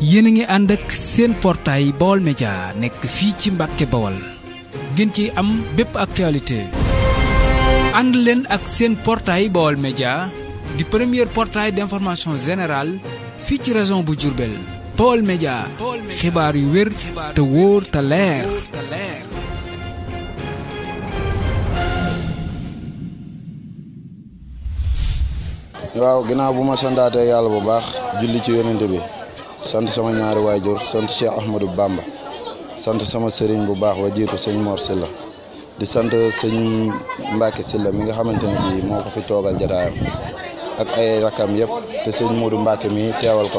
yéen a ngi ànd ak seen portail Baol media nekk fii ci Mbàkke Baol ngeen ci am bépp actualité ànd leen ak seen portaay Baol Média di premier portail d'information générale fii ci région bu Diourbel Baol Média xibaar yu wér te wóor te waaw ginaaw bu ma santaatee yàlla bu baax julli ci yonente bi sant sama ñaari waajur sant Cheikh Ahmadou Bamba sant sama sëriñ bu baax wa jiitu sëñ Mor Silla di sant sëñ Mbacke Silla mi nga xamante ne bii moo ko fi toogal jataayam ak ay rakam yëpp te sëñ Modou Mbacke mi teewal ko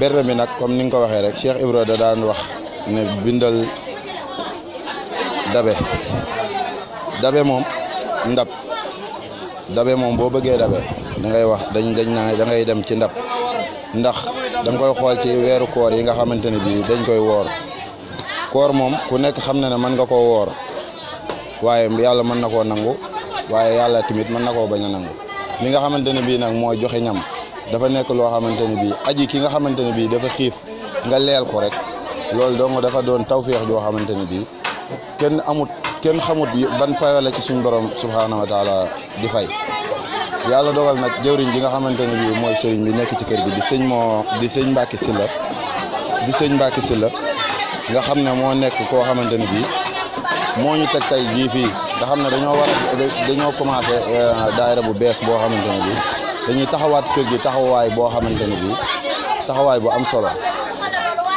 berne bi nag comme ni nga ko waxee rek Cheikh Ibra da daan wax ne bindal dabe dabe moom ndab dabe moom boo bëggee dabe da ngay wax dañ dañ naa da dem ci ndab ndax danga koy xool ci weeru koor yi nga xamante ne bii dañ koy woor koor moom ku nekk xam na ne mën nga koo woor waaye yàlla mën na koo nangu waaye yàlla tamit mën na koo bañ a nangu li nga xamante ne bii nag moo joxe ñam dafa nekk loo xamante ne bii aji ki nga xamante ne bii dafa xiif nga leel ko rek loolu dong dafa doon tawféex joo xamante ne bii kenn amut kenn xamut ban payo la ci suñ borom subhaanahu wa di fay yàlla dogal nag jëwriñ bi nga xamante ne bii mooy sëriñ bi nekk ci kër gi di sëñ moo di sëñ Mbacke Sylla di sëñ Mbacke Sylla nga xam ne moo nekk koo xamante ne bii moo ñu teg tey jii fii nga xam ne dañoo war dañoo commencé euh, daayira bu bees boo xamante ne bii dañuy taxawaat kër gi taxawaay boo xamante ne bii taxawaay bu am solo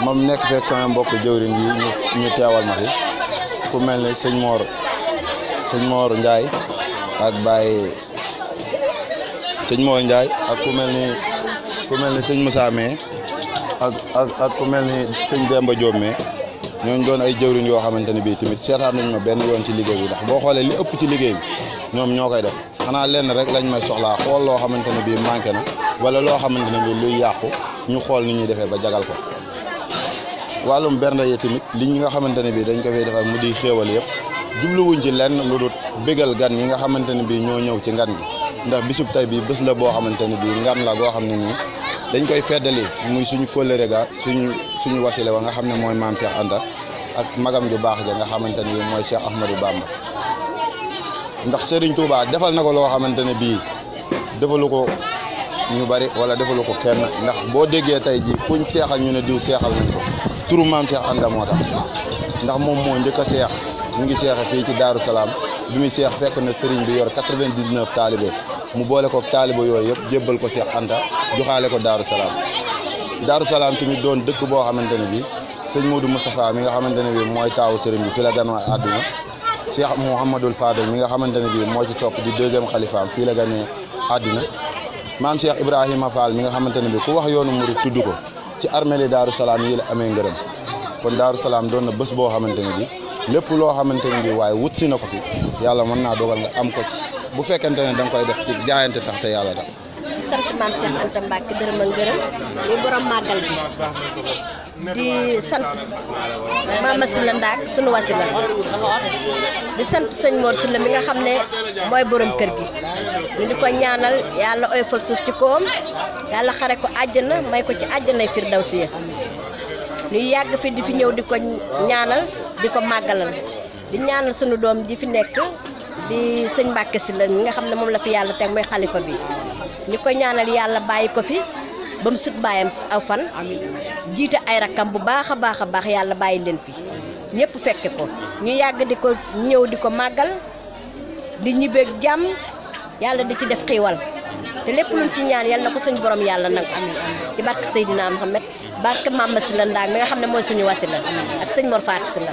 moom nekk feek sama mbokk jëwriñ yi ñu ñu teewal ma fi ku mel ni sëñ Mor sëñ Mor njaay ak Baye. sëñ Mor Ndiaye ak ku mel ni ku mel ni sëñ Moussa Mee ak ak ak ku mel ni sëñ Demba Diop Mee ñooñu doon ay jëwriñ yoo xamante ne bii tamit seetaan nañ ma benn yoon ci liggéey bi ndax boo xoolee li ëpp ci liggéey bi ñoom ñoo koy def xanaa lenn rek lañ may soxlaa xool loo xamante ne bii manqué na wala loo xamante ne bii luy yàqu ñu xool ni ñuy defee ba jagal ko wàllum bernde yi tamit li ñi nga xamante ne bii dañ ko fee defal mu di xéewal yëpp jubluwuñ ci lenn lu dul bégal gan yi nga xamante ne bii ñoo ñëw ci ngan gi ndax bisub tay bii bés la boo xamante ne bii ngam la goo xam ne nii dañ koy feddali muy suñu kóllëre ga suñu suñu wasile wa nga xam ne mooy maam seex Anta ak magam ju baax ja nga xamante ne bii mooy Cheikh Ahmadou Bamba ndax Serigne Touba defal na ko loo xamante ne bii defalu ko ñu bari wala defalu ko kenn ndax boo déggee tey ji kuñ seexal ñu ne diw seexal nañ ko turu maam Cheikh Anta moo tax ndax moom moo njëkk a seex mu ngi seexe fii ci Daaru Salaam bi muy seex fekk na sëriñ bi yor 99 taalibe mu boole ko taalibe yooyu yëpp jébbal ko Seex Anta joxaale ko Daaru Salaam Daaru Salaam tamit doon dëkk boo xamante ne bi sëñ Modou Moustapha mi nga xamante ne bi mooy taawu sëriñ bi fi la ganoo àdduna Cheikh Mouhamadul Fadel mi nga xamante ne bi moo ci topp di deuxième xalifaam fii la ganee àdduna maam Cheikh Ibrahima Fall mi nga xamante ne bi ku wax yoonu murid tudd ko ci armée li Daaru la amee ngërëm kon Daaru Salaam boo xamante ne bi lépp loo xamante ne bi waaye wut si na ko fi yàlla mën naa dogal nga am ko ci bu fekkente ne danga koy def ci jaayante tax te yàlla tax di sant maam Cheikh Anta Mbacke dërëm ak ngërëm ñu borom màggal bi di sant maama Sylla Ndaak sunu wasila di sant sëñ Mor Sylla mi nga xam ne mooy borom kër gi ñu di ko ñaanal yàlla oyofal suuf ci koom yàlla xare ko àjjana may ko ci àjjanay firdawsi ñu yàgg fi di fi ñëw di ko ñaanal di ko màggalal di ñaanal sunu doom ji fi nekk di sëñ Mbàkke si la mi nga xam ne moom la fi yàlla teg mooy xalifa bi ñu ko ñaanal yàlla bàyyi ko fi ba mu sut baayam aw fan jiite ay rakkam bu baax a baax a baax yàlla bàyyi leen fi ñëpp fekke ko ñu yàgg di ko ñëw di ko màggal di ñibbeeg jàmm yàlla di ci def xiiwal te lépp luñ ci ñaan yal na ko suñu boroom yàlla nag ci barke Seydina Mohamed barke Mama la Ndaang mi nga xam ne mooy suñu wasila la sëñ Mor Fatou Sylla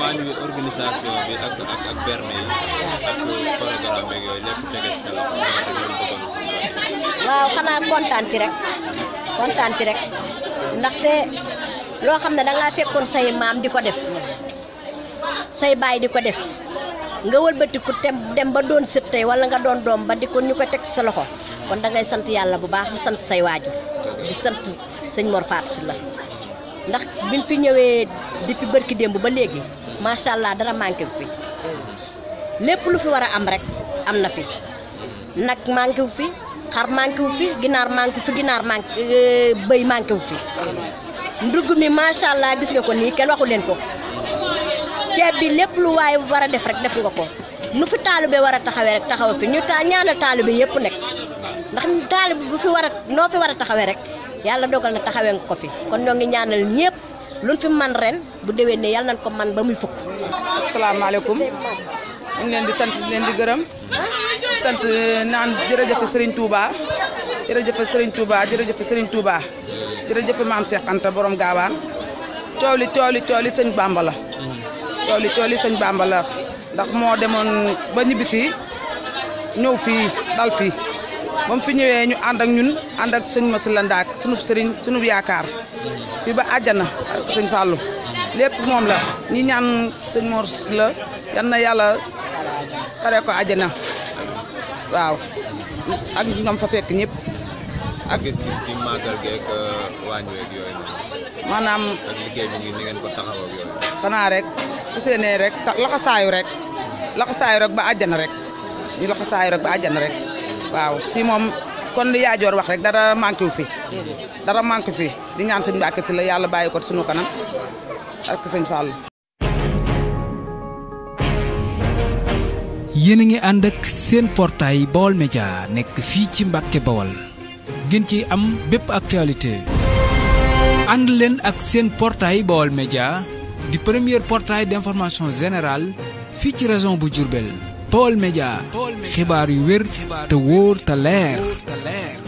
waaw ak ak ak berne yi waaw xanaa kontaan ci rek kontaan ci rek ndaxte loo xam ne da ngaa fekkoon say maam di ko def say baay di ko def. nga ku tem dem ba doon sët tey wala nga doon doom ba di ko ni ko teg ci sa loxo kon da ngay sant yàlla bu baax di sant say waajur di sant sëñ Mor Fatou Sylla ndax biñ fi ñëwee depuis bërki démb ba léegi macha allah dara manqué bu fi lépp lu fi war a am rek am na fi nag manqué wu fi xar manqué wu fi ginaar manqué fi ginaar manqué eh, bëy manqué wu fi ndugg mi macha allah gis nga ko nii kenn waxu leen ko. jaab bi lépp lu waaye war a def rek def nga ko nu fi taalibe war a taxawee rek taxaw fi ñu ta ñaanal taalibe yëpp nekk ndax taalibe bu fi war a noo fi war a taxawee rek yàlla dogal na taxawee nga ko fi kon ñoo ngi ñaanal ñëpp luñ fi man ren bu déwén ne yàlla nañ ko man ba muy fukk. asalaamaaleykum ñu ngi leen di sant di leen di gërëm sant naan jërëjëf Serigne Touba jërëjëf Serigne Touba jërëjëf Serigne Touba jërëjëf maam Cheikh Anta borom gaawaan coow li coow li coow li sëñ Bamba la cooli cooli sëñ Bamba la ndax moo demoon ba ñibbisi ñëw fii dal fii ba fi ñëwee ñu ànd ak ñun ànd ak sëñ Masila Ndaak sunub sëriñ sunub yaakaar fii ba àjjana sëñ Fallou lépp moom la ñi ñaan sëñ Mor la yan na yàlla xare ko àjjana waaw ak ñoom fa fekk ñëpp ak gis-gis ci màggal euh, ko taxawoo ak yooyu xanaa rek rek laxasaayu rek laxasaayu rek ba àjjana rek ñu laxasaayu rek ba àjjana rek waaw fii moom kon li yaajoor wax rek dara manqué wu fi dara manqué fi di ñaan sëñ Mbàkke si la yàlla bàyyi ko sunu kanam ak sëñ Fall yéen a ngi ànd ak seen portail Baol Média nekk fii ci Mbàkke Bawol gën ci am bépp actualité ànd leen ak seen portail Baol Média di premier portail d'information générale fii ci région bu Diourbel Baol Média xibaar yu wér te wóor te leer